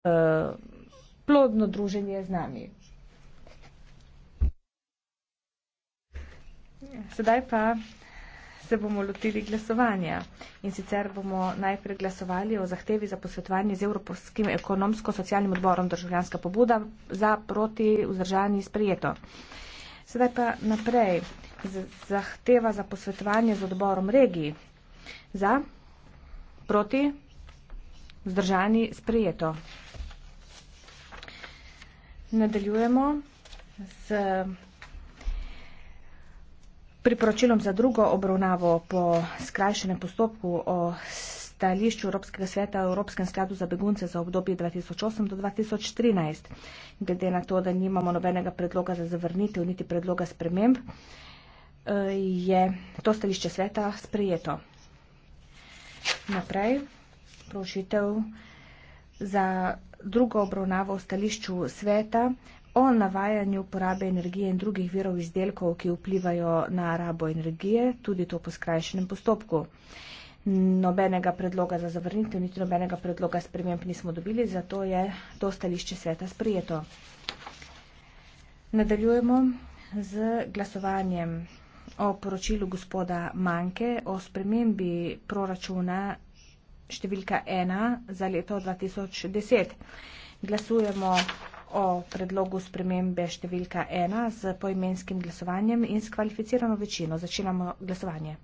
Eh, plodno druženje z nami. Sedaj pa se bomo lotili glasovanja in sicer bomo najprej glasovali o zahtevi za posvetovanje z Evropskim ekonomsko-socialnim odborom državljanska pobuda za proti vzdržanje sprijeto. Sedaj pa naprej zahteva za posvetovanje z odborom regiji za proti vzdržanje sprijeto. Nadaljujemo z priporočilom za drugo obravnavo po skrajšenem postopku o stališču Evropskega sveta o Evropskem skladu za begunce za obdobje 2008 do 2013. Glede na to, da nimamo nobenega predloga za zavrnitev, niti predloga sprememb, je to stališče sveta sprejeto. Naprej, prošitev za drugo obravnavo v stališču sveta o navajanju porabe energije in drugih virov izdelkov, ki vplivajo na rabo energije, tudi to po skrajšenem postopku. Nobenega predloga za zavrnitev, niti nobenega predloga sprememb nismo dobili, zato je to stališče sveta sprijeto. Nadaljujemo z glasovanjem o poročilu gospoda Manke o spremembi proračuna številka 1 za leto 2010. Glasujemo o predlogu spremembe številka 1 z poimenskim glasovanjem in s kvalificirano večino. Začinamo glasovanje.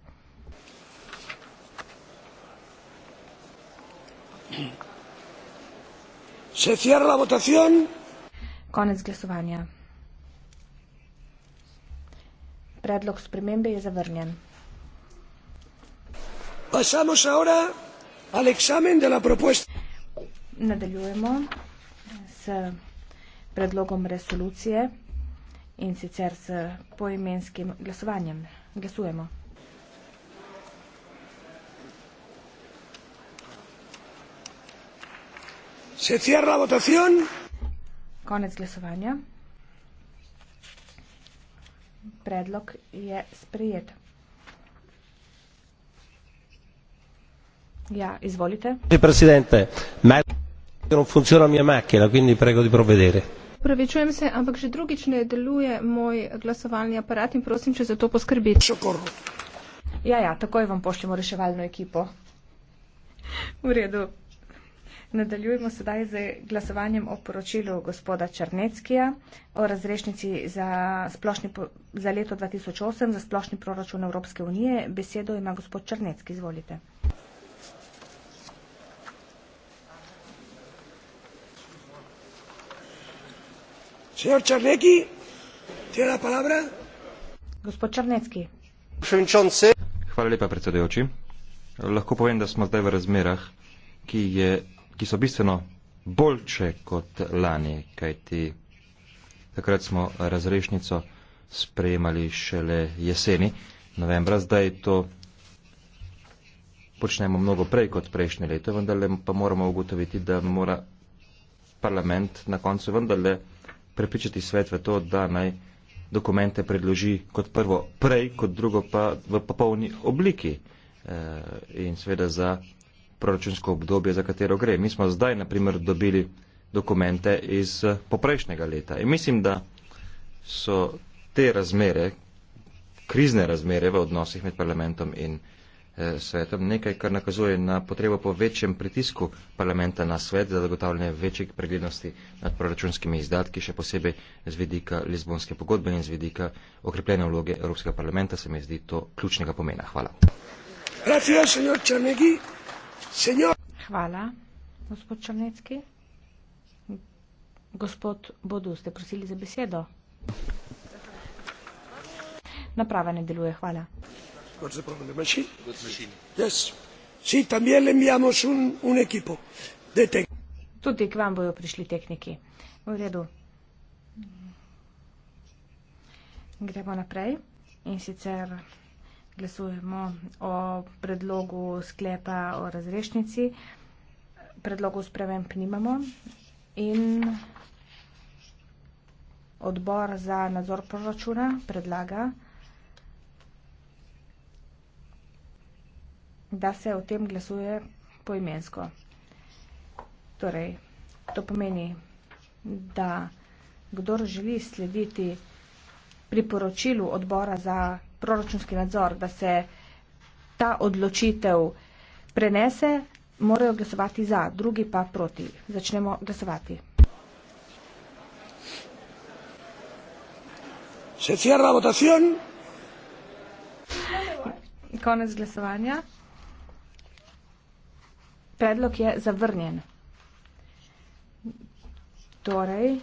Se cierra la votación. Konec glasovanja. Predlog spremembe je zavrnjen. Pasamos ahora al examen de la propuesta. Nadaljujemo s predlogom resolucije in sicer s poimenskim glasovanjem. Glasujemo. Se cierra votación. Konec glasovanja. Predlog je sprejet. Ja, izvolite. Presidente, non funziona la mia macchina, quindi prego di provvedere. Pravičujem se, ampak že drugič ne deluje moj glasovalni aparat in prosim, če za to poskrbite. Ja, ja, takoj vam pošljemo reševalno ekipo. V redu. Nadaljujemo sedaj z glasovanjem o poročilu gospoda Črneckija o razrešnici za, splošni, za leto 2008 za splošni proračun Evropske unije. Besedo ima gospod Črnecki, izvolite. Lahko povem, da smo zdaj v razmerah, ki, je, ki so bistveno boljše kot lani, kajti takrat smo razrešnico sprejemali šele jeseni, novembra. Zdaj to počnemo mnogo prej kot prejšnje leto, vendarle pa moramo ugotoviti, da mora parlament na koncu vendarle prepričati svet v to, da naj dokumente predloži kot prvo prej, kot drugo pa v popolni obliki eh, in seveda za proračunsko obdobje, za katero gre. Mi smo zdaj, na primer, dobili dokumente iz eh, poprejšnjega leta in mislim, da so te razmere, krizne razmere v odnosih med parlamentom in parlamentom, svetom, nekaj, kar nakazuje na potrebo po večjem pritisku parlamenta na svet za zagotavljanje večjih preglednosti nad proračunskimi izdatki, še posebej z vidika Lizbonske pogodbe in z vidika okrepljene vloge Evropskega parlamenta, se mi zdi to ključnega pomena. Hvala. Hvala, gospod Črnecki. Gospod Bodu, ste prosili za besedo? Naprava ne deluje, hvala. Tudi k vam bodo prišli tehniki. V redu. Gremo naprej in sicer glasujemo o predlogu sklepa o razrešnici. Predlogov sprememb nimamo in odbor za nadzor proračuna predlaga, da se o tem glasuje poimensko. Torej, to pomeni, da kdor želi slediti priporočilu odbora za proračunski nadzor, da se ta odločitev prenese, morajo glasovati za, drugi pa proti. Začnemo glasovati. Se cierra votación. Konec glasovanja. Predlog je zavrnjen. Torej,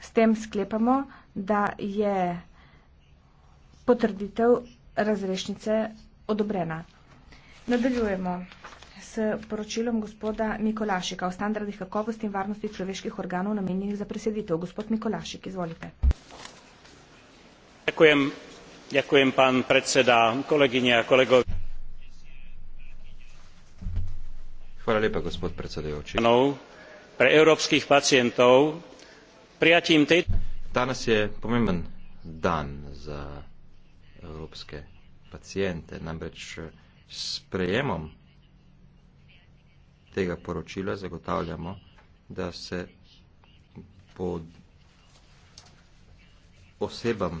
s tem sklepamo, da je potrditev razrešnice odobrena. Nadaljujemo s poročilom gospoda Mikolašika o standardih kakovosti in varnosti človeških organov namenjenih za preseditev. Gospod Mikolašik, izvolite. Ďakujem, ďakujem pán predseda, kolegyne a kolegovia. No, pre európskych pacientov prijatím tejto Danes je pomemben dan za evropske pacijente, namreč s prejemom tega poročila zagotavljamo, da se pod osebam,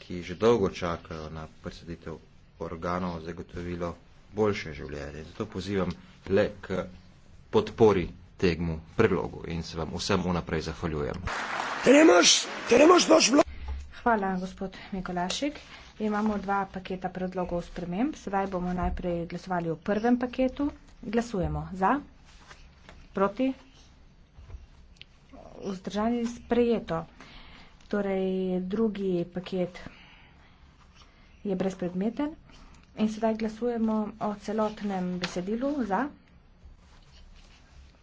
ki že dolgo čakajo na presaditev organov, zagotovilo boljše življenje. Zato pozivam le k podpori tegmu predlogu in se vam vsem unaprej zahvaljujem. Hvala, gospod Mikolašik. Imamo dva paketa predlogov sprememb. Sedaj bomo najprej glasovali o prvem paketu. Glasujemo za, proti, vzdržani sprejeto. Torej, drugi paket je brezpredmeten. In sedaj glasujemo o celotnem besedilu za,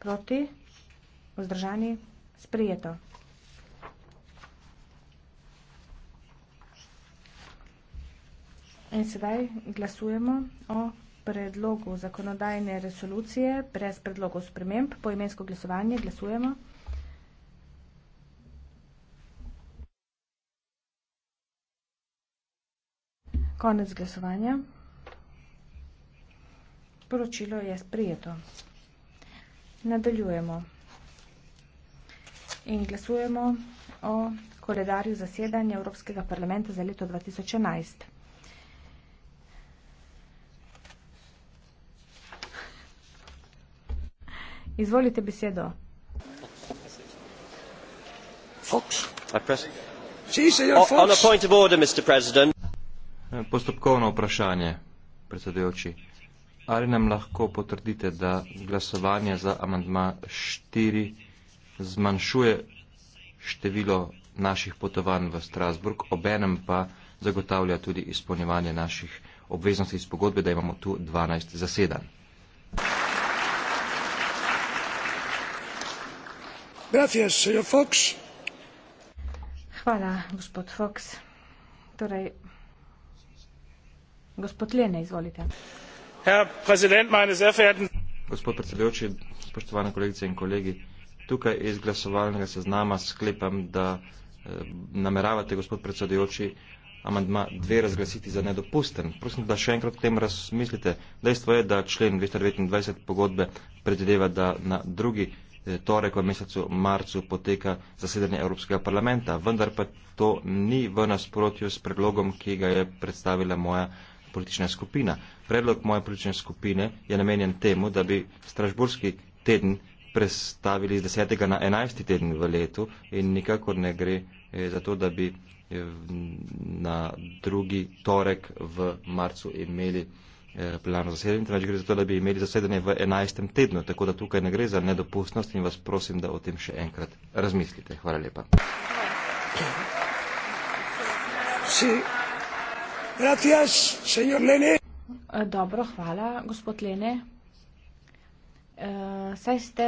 proti, vzdržani, sprijeto. In sedaj glasujemo o predlogu zakonodajne resolucije brez predlogov sprememb. Po imensko glasovanje glasujemo. Konec glasovanja. Sporočilo je sprejeto. Nadaljujemo in glasujemo o koledarju zasedanja Evropskega parlamenta za leto 2011. Izvolite besedo. Oh, eh, postopkovno vprašanje, predsedujoči. Ali nam lahko potrdite, da glasovanje za amandma 4 zmanjšuje število naših potovanj v Strasburg, obenem pa zagotavlja tudi izpolnjevanje naših obveznosti iz pogodbe, da imamo tu 12 zasedanj? Hvala, gospod Fox. Torej, gospod Lene, izvolite gospod predsedujoči, spoštovane kolegice in kolegi, tukaj iz glasovalnega seznama sklepam, da eh, nameravate, gospod predsedujoči, amandma dve razglasiti za nedopusten. Prosim, da še enkrat o tem razmislite. Dejstvo je, da člen 229 pogodbe predvideva, da na drugi eh, torek v mesecu marcu poteka zasedanje Evropskega parlamenta, vendar pa to ni v nasprotju s predlogom, ki ga je predstavila moja politična skupina. Predlog moje politične skupine je namenjen temu, da bi Strasburski teden prestavili z 10. na 11. teden v letu in nikakor ne gre eh, za to, da bi eh, na drugi torek v marcu imeli eh, plenarno zasedanje, temveč gre za to, da bi imeli zasedanje v 11. tednu. Tako da tukaj ne gre za nedopustnost in vas prosim, da o tem še enkrat razmislite. Hvala lepa. Hvala. Gracias, señor Lene. Eh, dobro, hvala, gospod Lene. Eh, saj ste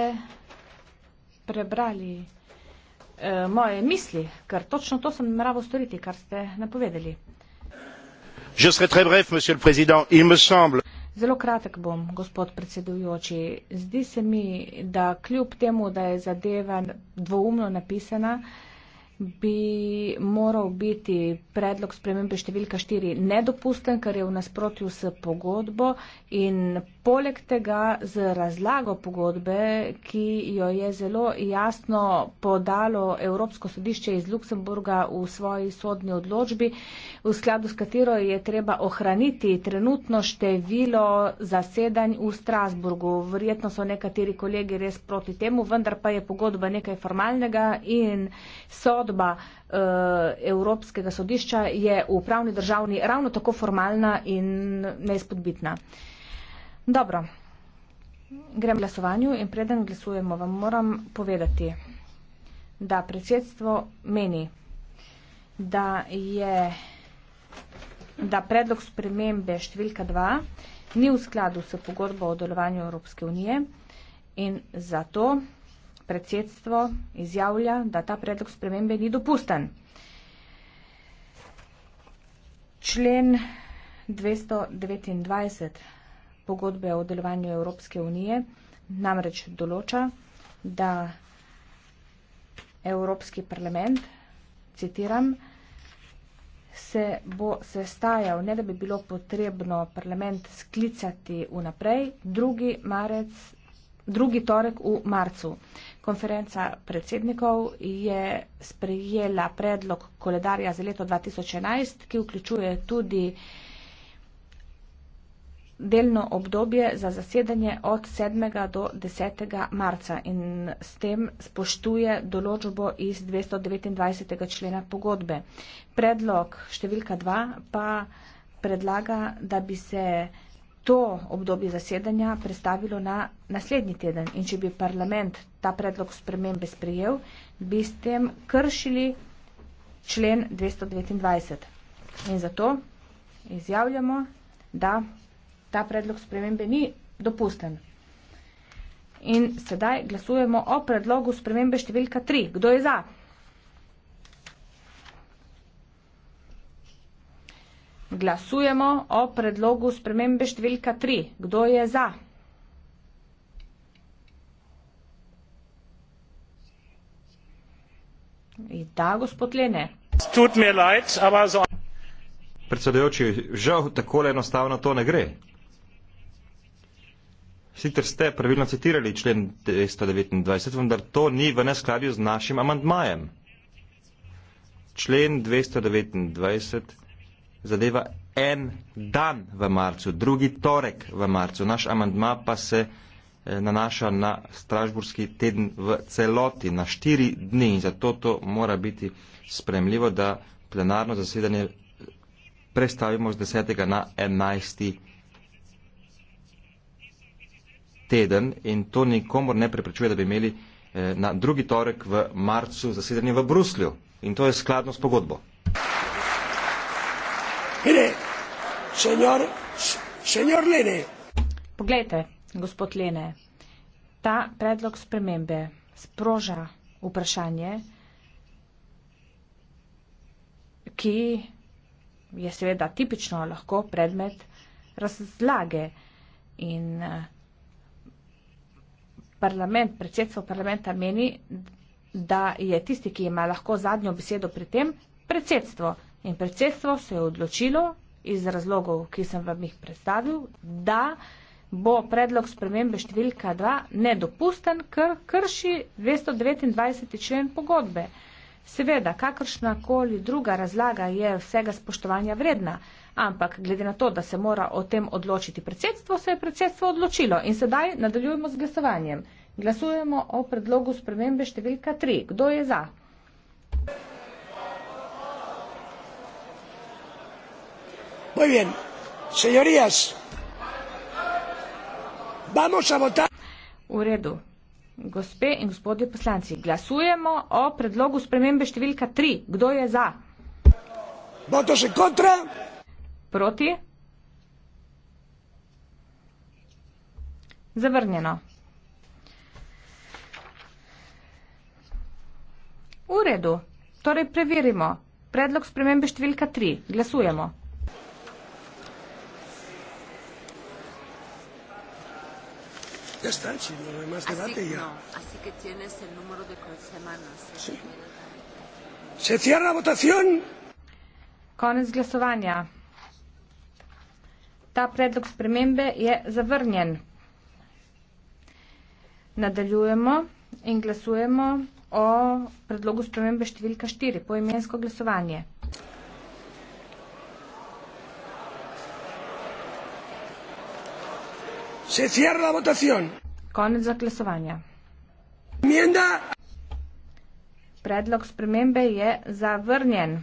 prebrali eh, moje misli, ker točno to sem naravo storiti, kar ste napovedali. Zelo kratek bom, gospod predsedujoči. Zdi se mi, da kljub temu, da je zadeva dvoumno napisana, bi moral biti predlog spremembe številka 4 nedopusten, ker je v nasprotju s pogodbo in Poleg tega z razlago pogodbe, ki jo je zelo jasno podalo Evropsko sodišče iz Luksemburga v svoji sodni odločbi, v skladu s katero je treba ohraniti trenutno število zasedanj v Strasburgu. Verjetno so nekateri kolegi res proti temu, vendar pa je pogodba nekaj formalnega in sodba eh, Evropskega sodišča je v pravni državni ravno tako formalna in neizpodbitna. Dobro, grem glasovanju in preden glasujemo, vam moram povedati, da predsedstvo meni, da je da predlog spremembe številka 2 ni v skladu s pogodbo o delovanju Evropske unije in zato predsedstvo izjavlja, da ta predlog spremembe ni dopusten. Člen 229 pogodbe o delovanju Evropske unije namreč določa, da Evropski parlament, citiram, se bo sestajal, ne da bi bilo potrebno parlament sklicati vnaprej, drugi, marec, drugi torek v marcu. Konferenca predsednikov je sprejela predlog koledarja za leto 2011, ki vključuje tudi delno obdobje za zasedanje od 7. do 10. marca in s tem spoštuje določbo iz 229. člena pogodbe. Predlog številka 2 pa predlaga, da bi se to obdobje zasedanja predstavilo na naslednji teden in če bi parlament ta predlog spremembe sprejel, bi s tem kršili člen 229. In zato izjavljamo, da ta predlog spremembe ni dopusten. In sedaj glasujemo o predlogu spremembe številka 3. Kdo je za? Glasujemo o predlogu spremembe številka 3. Kdo je za? In da, gospod Lene. Predsedujoči, žal takole enostavno to ne gre. Sicer ste pravilno citirali člen 229, vendar to ni v neskladju z našim amantmajem. Člen 229 zadeva en dan v marcu, drugi torek v marcu. Naš amantma pa se eh, nanaša na Stražburski teden v celoti, na štiri dni. Zato to mora biti spremljivo, da plenarno zasedanje eh, prestavimo z 10. na 11 teden in to nikomor ne preprečuje, da bi imeli eh, na drugi torek v marcu zasedanje v Bruslju. In to je skladno s pogodbo. Mire, senor, senor Lene. Poglejte, gospod Lene, ta predlog spremembe sproža vprašanje, ki je seveda tipično lahko predmet razlage in eh, parlament, predsedstvo parlamenta meni, da je tisti, ki ima lahko zadnjo besedo pri tem, predsedstvo. In predsedstvo se je odločilo iz razlogov, ki sem vam jih predstavil, da bo predlog spremembe številka 2 nedopusten, ker krši 229. člen pogodbe. Seveda, kakršna koli druga razlaga je vsega spoštovanja vredna. Ampak glede na to, da se mora o tem odločiti predsedstvo, se je predsedstvo odločilo in sedaj nadaljujemo z glasovanjem. Glasujemo o predlogu spremembe številka 3. Kdo je za? Muy bien. Señorías, vamos a votar. V redu. Gospe in gospodje poslanci, glasujemo o predlogu spremembe številka 3. Kdo je za? Voto se kontra. Proti? Zavrnjeno. V redu. Torej preverimo. Predlog spremembe številka 3. Glasujemo. Ya está, si no hay más debate, así ya. No, así que tienes el número de semanas. Eh. Sí. Se cierra la votación. Con el glasovania. Ta predlog spremembe je zavrnjen. Nadaljujemo in glasujemo o predlogu spremembe številka 4, poimensko glasovanje. Se cierra la votación. Konec za glasovanje. Mienda. Predlog spremembe je zavrnjen.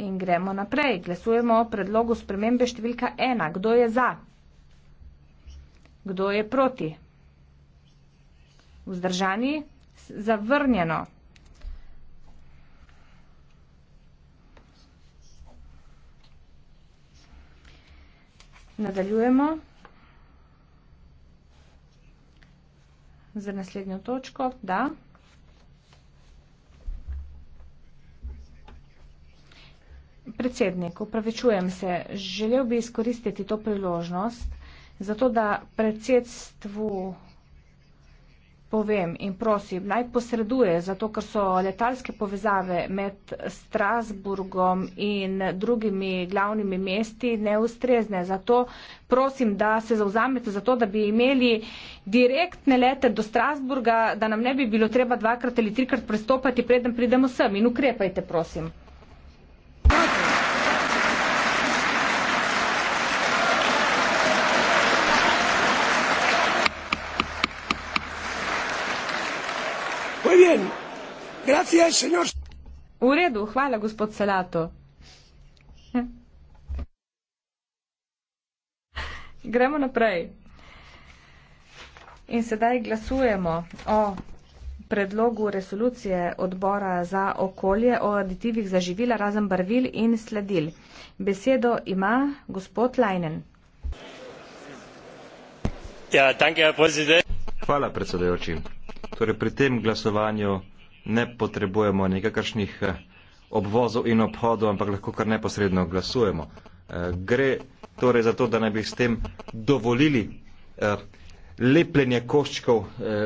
In gremo naprej. Glasujemo o predlogu spremembe številka ena. Kdo je za? Kdo je proti? Vzdržani? Zavrnjeno. Nadaljujemo za naslednjo točko. Da. Predsednik, upravičujem se, želel bi izkoristiti to priložnost, zato da predsedstvu povem in prosim, naj posreduje, zato ker so letalske povezave med Strasburgom in drugimi glavnimi mesti neustrezne. Zato prosim, da se zauzamete za to, da bi imeli direktne lete do Strasburga, da nam ne bi bilo treba dvakrat ali trikrat prestopati, preden pridemo sem in ukrepajte, prosim. je, senjor. V redu, hvala, gospod Salato. Gremo naprej. In sedaj glasujemo o predlogu resolucije odbora za okolje o aditivih za živila razen barvil in sledil. Besedo ima gospod Lajnen. Ja, danke, Hvala predsedujoči. Torej pri tem glasovanju ne potrebujemo nekakršnih eh, obvozov in obhodov, ampak lahko kar neposredno glasujemo. Eh, gre torej za to, da ne bi s tem dovolili eh, lepljenje koščkov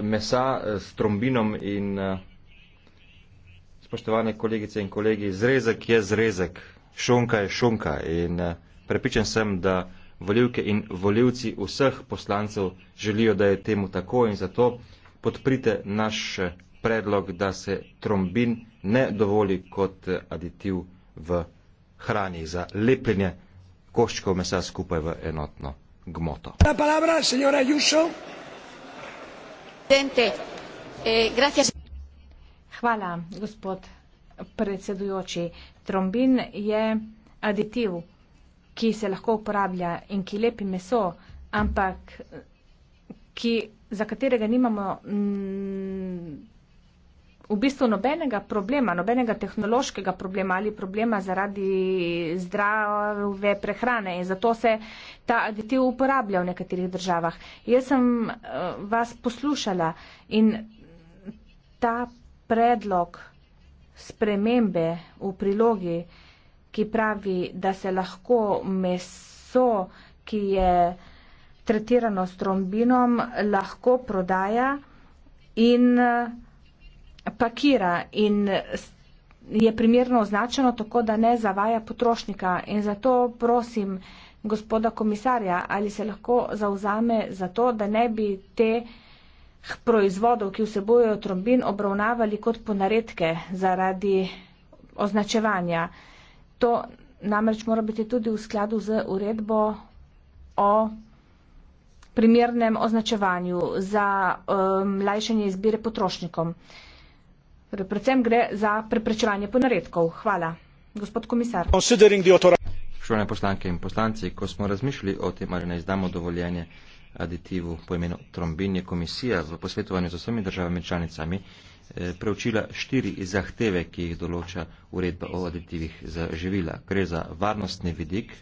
mesa s trombinom in spoštovane kolegice in kolegi, zrezek je zrezek, šunka je šunka in prepričan sem, da voljivke in voljivci vseh poslancev želijo, da je temu tako in zato podprite naš predlog, da se trombin ne dovoli kot aditiv v hrani za lepljenje koščkov mesa skupaj v enotno gmoto. Eh, Hvala, gospod predsedujoči. Trombin je aditiv, ki se lahko uporablja in ki lepi meso, ampak ki, za katerega nimamo. Mm, v bistvu nobenega problema, nobenega tehnološkega problema ali problema zaradi zdrave prehrane in zato se ta aditiv uporablja v nekaterih državah. Jaz sem eh, vas poslušala in ta predlog spremembe v prilogi, ki pravi, da se lahko meso, ki je tretirano s trombinom, lahko prodaja in eh, pakira in je primerno označeno tako, da ne zavaja potrošnika. In zato prosim gospoda komisarja, ali se lahko zauzame za to, da ne bi te proizvodov, ki vsebojo trombin, obravnavali kot ponaredke zaradi označevanja. To namreč mora biti tudi v skladu z uredbo o primernem označevanju za um, lajšanje izbire potrošnikom. Uh, Torej, predvsem gre za preprečevanje ponaredkov. Hvala. Gospod komisar. Šolane poslanke in poslanci, ko smo razmišljali o tem, ali naj izdamo dovoljenje aditivu po imenu trombin, je komisija v posvetovanju z vsemi državami članicami eh, preučila štiri zahteve, ki jih določa uredba o aditivih za živila. Gre za varnostni vidik,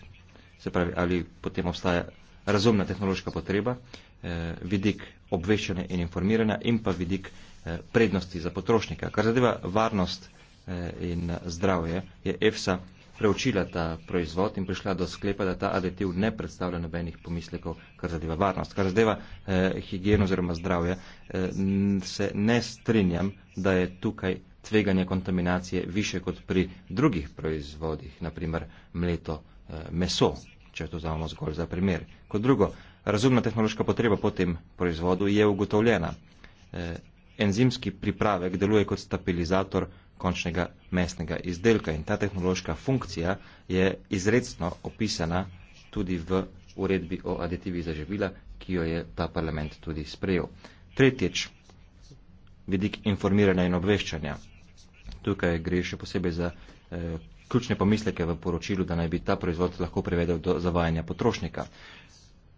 se pravi, ali potem obstaja razumna tehnološka potreba, eh, vidik obveščanja in informiranja in pa vidik Eh, prednosti za potrošnika. Kar zadeva varnost eh, in zdravje, je EFSA preučila ta proizvod in prišla do sklepa, da ta aditiv ne predstavlja nobenih pomislekov, kar zadeva varnost. Kar zadeva eh, higieno oziroma zdravje, eh, se ne strinjam, da je tukaj tveganje kontaminacije više kot pri drugih proizvodih, naprimer mleto eh, meso, če to zavamo zgolj za primer. Kot drugo, razumna tehnološka potreba po tem proizvodu je ugotovljena. Eh, enzimski pripravek deluje kot stabilizator končnega mesnega izdelka in ta tehnološka funkcija je izredno opisana tudi v uredbi o aditivih za živila, ki jo je ta parlament tudi sprejel. Tretjič, vidik informiranja in obveščanja. Tukaj gre še posebej za eh, ključne pomisleke v poročilu, da naj bi ta proizvod lahko privedel do zavajanja potrošnika.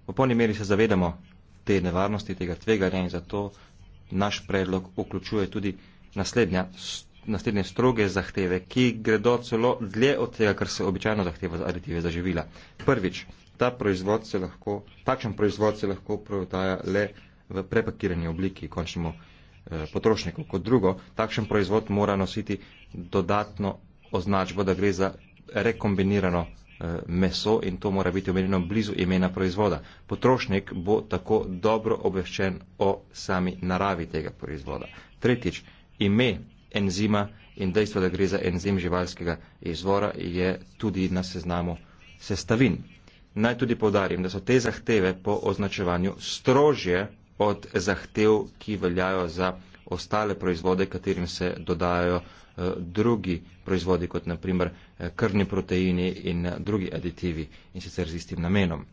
V polni meri se zavedamo te nevarnosti, tega tveganja in zato naš predlog vključuje tudi naslednja, naslednje stroge zahteve, ki gredo celo dlje od tega, kar se običajno zahteva za aditive za živila. Prvič, ta proizvod se lahko, takšen proizvod se lahko prodaja le v prepakirani obliki končnemu eh, potrošniku. Kot drugo, takšen proizvod mora nositi dodatno označbo, da gre za rekombinirano Eh, meso in to mora biti omenjeno blizu imena proizvoda. Potrošnik bo tako dobro obveščen o sami naravi tega proizvoda. Tretjič, ime enzima in dejstvo, da gre za enzim živalskega izvora, je tudi na seznamu sestavin. Naj tudi povdarim, da so te zahteve po označevanju strožje od zahtev, ki veljajo za ostale proizvode, katerim se dodajajo Eh, drugi proizvodi, kot naprimer eh, krvni proteini in eh, drugi aditivi in sicer z istim namenom.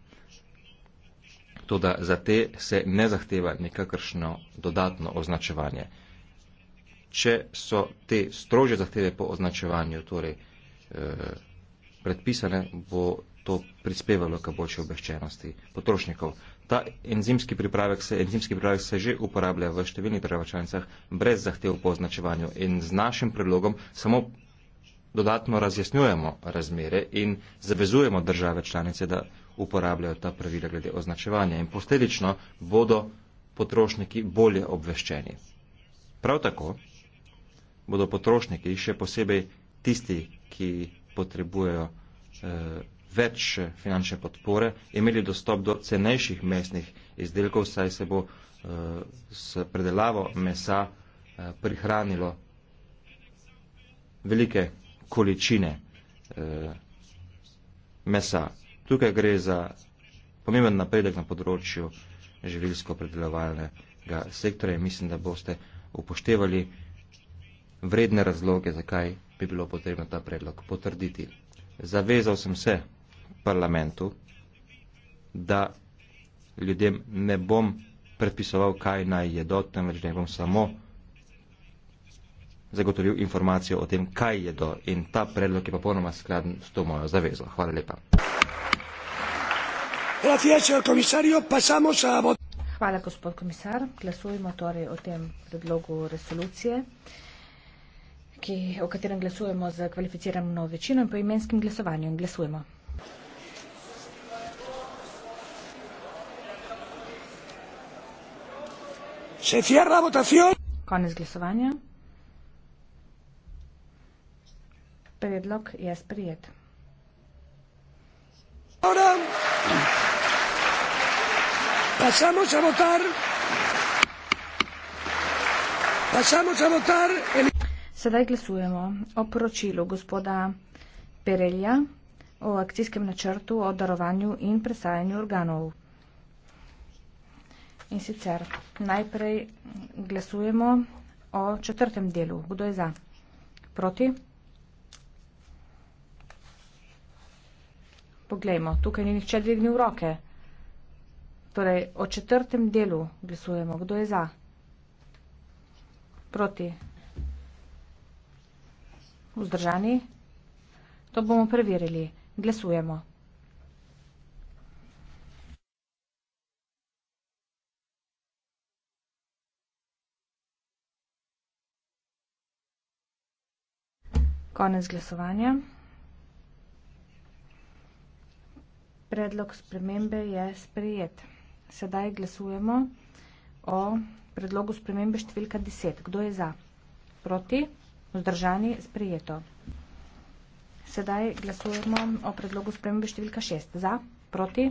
Toda za te se ne zahteva nekakršno dodatno označevanje. Če so te strože zahteve po označevanju torej, predpisane, bo to prispevalo k boljši obveščenosti potrošnikov. Ta enzimski pripravek se, enzimski pripravek se že uporablja v številnih prevačalnicah brez zahtev po označevanju in z našim predlogom samo dodatno razjasnjujemo razmere in zavezujemo države članice, da uporabljajo ta pravila glede označevanja in posledično bodo potrošniki bolje obveščeni. Prav tako bodo potrošniki, še posebej tisti, ki potrebujejo eh, več eh, finančne podpore, imeli dostop do cenejših mesnih izdelkov, saj se bo uh, s predelavo mesa uh, prihranilo velike količine uh, mesa. Tukaj gre za pomemben napredek na področju živilsko-predelovalnega sektorja in mislim, da boste upoštevali vredne razloge, zakaj bi bilo potrebno ta predlog potrditi. Zavezal sem se, parlamentu, da ljudem ne bom predpisoval, kaj naj jedo, temveč ne bom samo zagotovil informacijo o tem, kaj jedo. In ta predlog je popolnoma skladen s to mojo zavezo. Hvala lepa. Hvala, gospod komisar. Glasujemo torej o tem predlogu resolucije, ki, o katerem glasujemo za kvalificirano večino in po imenskem glasovanju. In glasujemo. Se cierra votación. Konec glasovanja. Predlog je sprijet. Ahora pasamos a votar. Pasamos a votar el... Sedaj glasujemo o poročilu gospoda Perelja o akcijskem načrtu o darovanju in presajanju organov. In sicer Najprej glasujemo o četrtem delu. Kdo je za? Proti? Poglejmo, tukaj ni nihče dvignil roke. Torej, o četrtem delu glasujemo. Kdo je za? Proti? Vzdržani? To bomo preverili. Glasujemo. Konec glasovanja. Predlog spremembe je sprejet. Sedaj glasujemo o predlogu spremembe številka 10. Kdo je za? Proti? Vzdržani? Sprejeto. Sedaj glasujemo o predlogu spremembe številka 6. Za? Proti?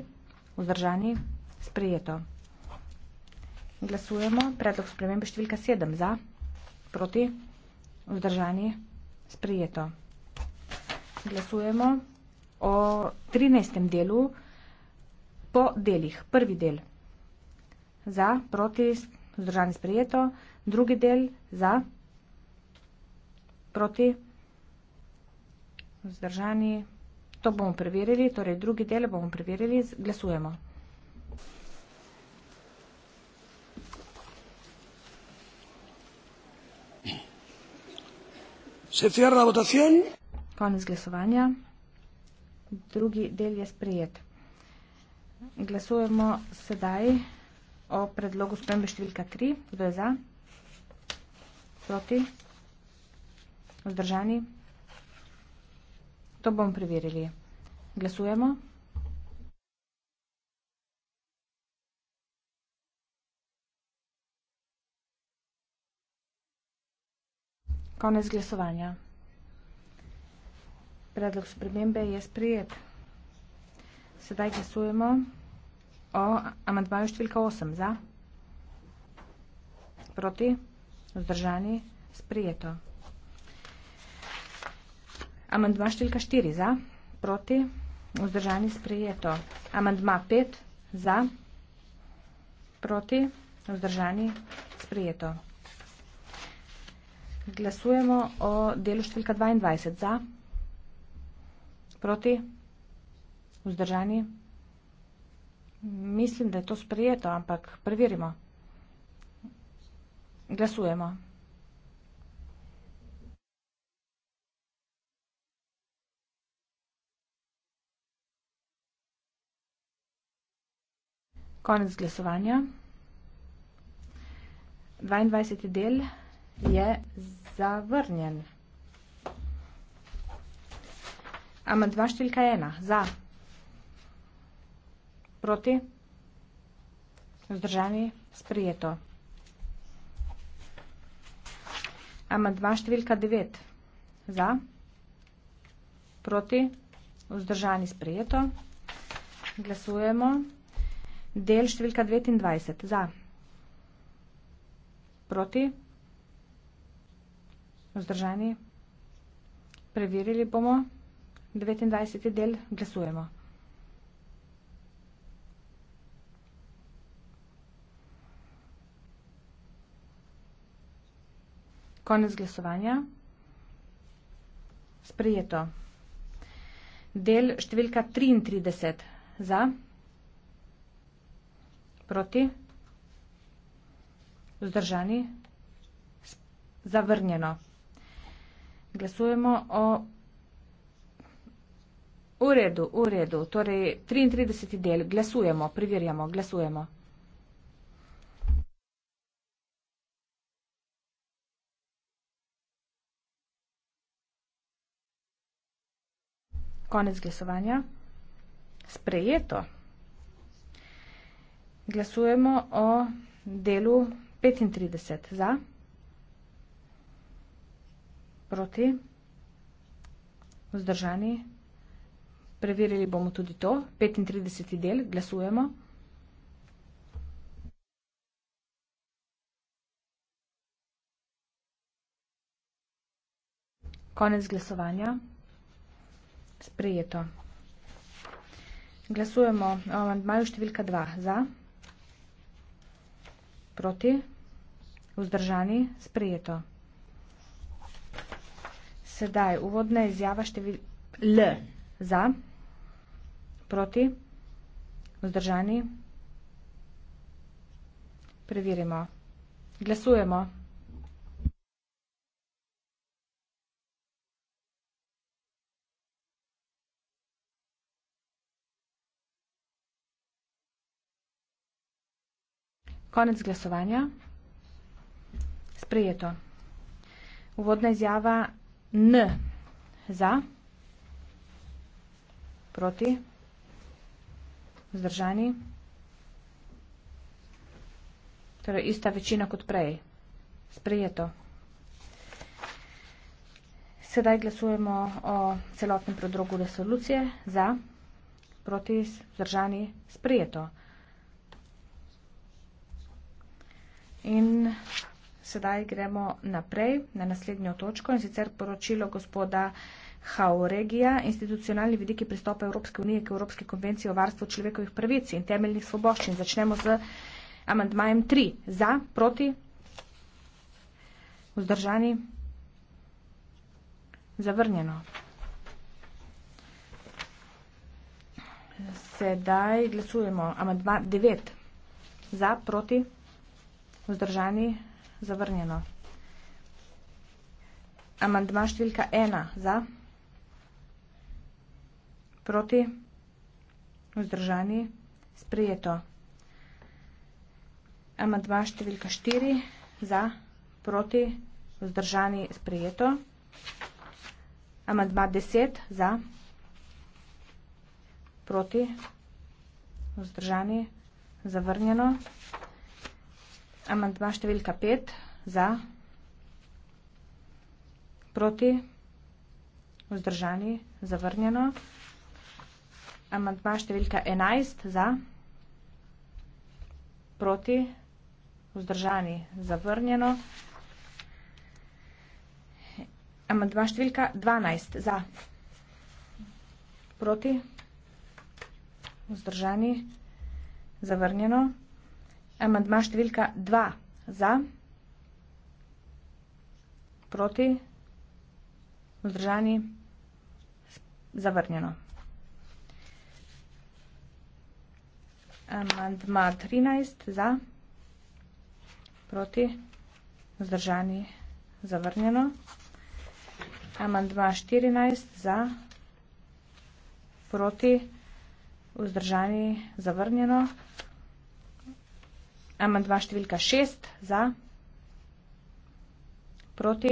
Vzdržani? Sprejeto. Glasujemo predlog spremembe številka 7. Za? Proti? Vzdržani? Sprejeto. Sprejeto. Glasujemo o 13. delu po delih. Prvi del za, proti, vzdržani sprejeto. Drugi del za, proti, vzdržani. To bomo preverili, torej drugi del bomo preverili. Glasujemo. Konec glasovanja. Drugi del je sprejet. Glasujemo sedaj o predlogu spremembe številka 3. Kdo je za? Proti? Vzdržani? To bomo preverili. Glasujemo. Konec glasovanja. Predlog spremembe je sprejet. Sedaj glasujemo o amantmaju številka 8. Za? Proti? Vzdržani? Sprijeto. Amandma številka 4 za, proti, vzdržani sprijeto. Amandma 5 za, proti, vzdržani sprijeto. Glasujemo o delu številka 22. Za? Proti? Vzdržani? Mislim, da je to sprejeto, ampak preverimo. Glasujemo. Konec glasovanja. 22. del je zavrnjen. Amandma številka ena. Za. Proti. Vzdržani. Sprijeto. Amandma številka devet. Za. Proti. Vzdržani. Sprijeto. Glasujemo. Del številka 29. Za. Proti. Proti. Vzdržani. Preverili bomo. 29. del. Glasujemo. Konec glasovanja. Sprejeto. Del številka 33. Za. Proti. Vzdržani. Zavrnjeno. Glasujemo o v redu, v redu. Torej, 33. del. Glasujemo, preverjamo, glasujemo. Konec glasovanja. Sprejeto. Glasujemo o delu 35 za proti, vzdržani. Preverili bomo tudi to. 35. del, glasujemo. Konec glasovanja. Sprejeto. Glasujemo o amandmaju številka 2. Za. Proti. Vzdržani. Sprejeto. Sedaj, uvodna izjava števil L. Za, proti, vzdržani. Preverimo. Glasujemo. Konec glasovanja. Sprejeto. Uvodna izjava N za, proti, vzdržani. Torej, ista večina kot prej. Sprejeto. Sedaj glasujemo o celotnem predrogu resolucije. Za, proti, vzdržani, sprejeto. In sedaj gremo naprej na naslednjo točko in sicer poročilo gospoda Hauregija, institucionalni vidiki pristopa Evropske unije k Evropski konvenciji o varstvu človekovih pravic in temeljnih svoboščin. Začnemo z amandmajem 3. Za, proti, vzdržani, zavrnjeno. Sedaj glasujemo amandma 9. Za, proti, vzdržani, zavrnjeno zavrnjeno. Amandma številka ena za, proti, vzdržani, sprejeto. Amandma številka štiri za, proti, vzdržani, sprejeto. Amandma deset za, proti, vzdržani, zavrnjeno. Amandma številka 5 za, proti, vzdržani, zavrnjeno. Amandma številka 11 za, proti, vzdržani, zavrnjeno. Amandma številka 12 za, proti, vzdržani, zavrnjeno. Zavrnjeno. Amandma številka 2 za, proti, vzdržani, zavrnjeno. Amandma 13 za, proti, vzdržani, zavrnjeno. Amandma 14 za, proti, vzdržani, zavrnjeno. Amandma številka šest za, proti,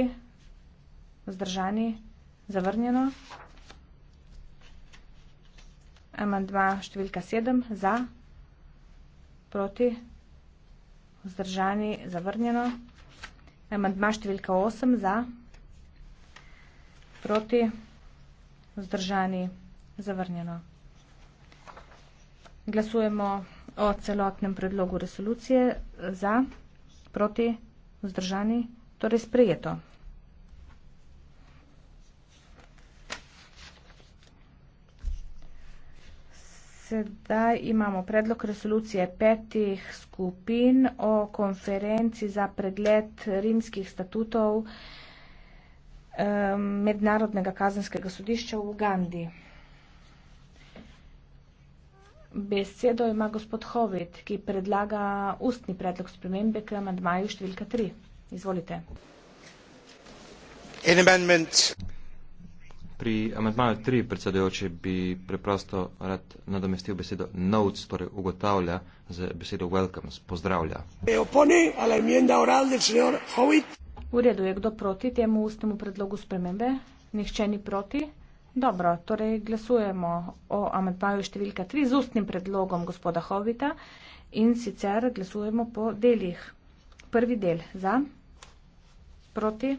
vzdržani, zavrnjeno. Amandma številka sedem za, proti, vzdržani, zavrnjeno. Amandma številka osem za, proti, vzdržani, zavrnjeno. Glasujemo o o celotnem predlogu resolucije za, proti, vzdržani, torej sprejeto. Sedaj imamo predlog resolucije petih skupin o konferenci za pregled rimskih statutov mednarodnega kazenskega sodišča v Ugandiji. Besedo ima gospod Hovit, ki predlaga ustni predlog spremembe k amandmaju številka 3. Izvolite. Pri amandmaju 3, predsedojoče, bi preprosto rad nadomestil besedo notes, torej ugotavlja z besedo welcome, pozdravlja. V redu je kdo proti temu ustnemu predlogu spremembe? Nihče ni proti. Dobro, torej glasujemo o amedpaju številka 3 z ustnim predlogom gospoda Hovita in sicer glasujemo po delih. Prvi del za, proti,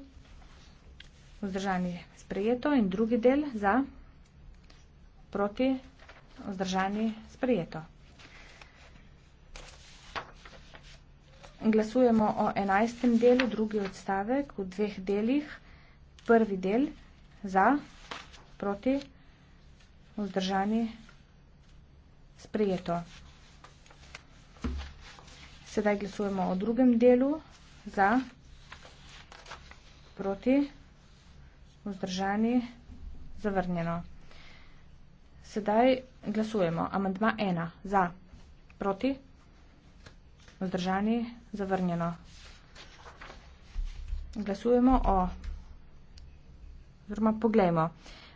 vzdržanje sprejeto in drugi del za, proti, vzdržanje sprejeto. Glasujemo o enajstem delu, drugi odstavek v dveh delih, prvi del za, proti, proti, vzdržani, sprejeto. Sedaj glasujemo o drugem delu, za, proti, vzdržani, zavrnjeno. Sedaj glasujemo amandma 1, za, proti, vzdržani, zavrnjeno. Glasujemo o, oziroma poglejmo.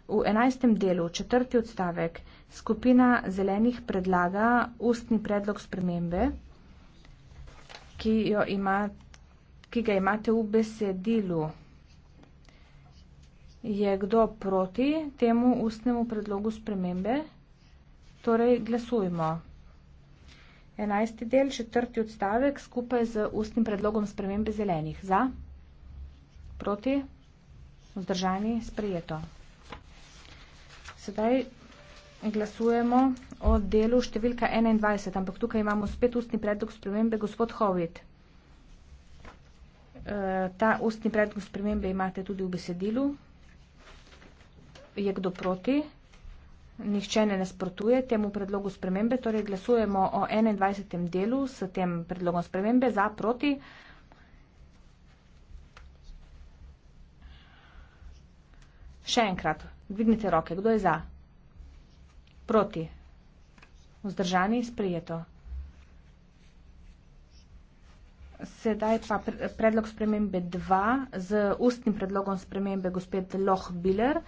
V enajstem delu, četrti odstavek, skupina zelenih predlaga ustni predlog spremembe, ki, ima, ki ga imate v besedilu. Je kdo proti temu ustnemu predlogu spremembe? Torej, glasujmo. Enajsti del, četrti odstavek, skupaj z ustnim predlogom spremembe zelenih. Za? Proti? Vzdržani? Sprejeto. Sedaj glasujemo o delu številka 21, ampak tukaj imamo spet ustni predlog spremembe, gospod Hovit. E, ta ustni predlog spremembe imate tudi v besedilu. Je kdo proti? Nihče ne nasprotuje temu predlogu spremembe, torej glasujemo o 21. delu s tem predlogom spremembe za proti. Še enkrat, dvignite roke, kdo je za? Proti? Vzdržani, sprijeto. Sedaj pa predlog spremembe 2 z ustnim predlogom spremembe gospod Loh Biller.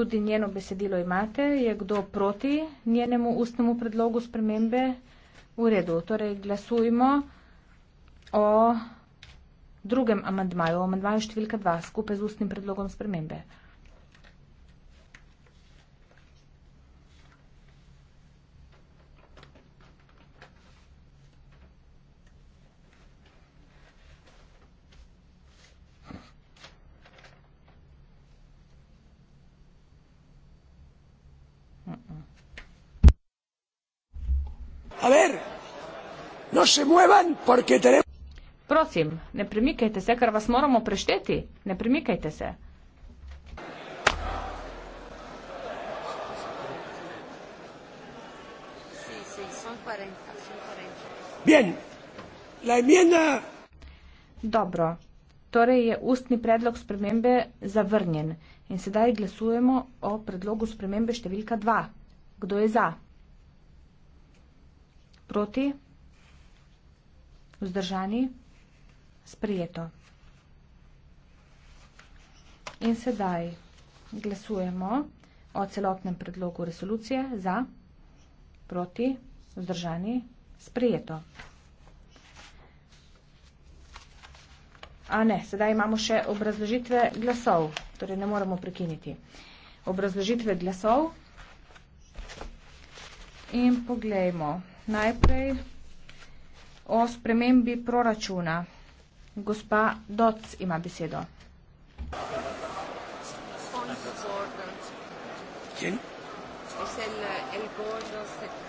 Tudi njeno besedilo imate. Je kdo proti njenemu ustnemu predlogu spremembe? V redu. Torej glasujmo o drugem amandmaju, o amandmaju številka 2 skupaj z ustnim predlogom spremembe. No se muevan porque tenemos... Prosim, ne premikajte se, ker vas moramo prešteti. Ne premikajte se. Bien. La enmienda... Dobro. Torej je ustni predlog spremembe zavrnjen. In sedaj glasujemo o predlogu spremembe številka 2. Kdo je za? Proti? Vzdržani? Sprijeto. In sedaj glasujemo o celotnem predlogu resolucije za, proti, vzdržani, sprijeto. A ne, sedaj imamo še obrazložitve glasov, torej ne moramo prekiniti. Obrazložitve glasov in poglejmo najprej o spremembi proračuna. Gospa Doc ima besedo. Gospod Gordon. Kje? Es el, el Gordon.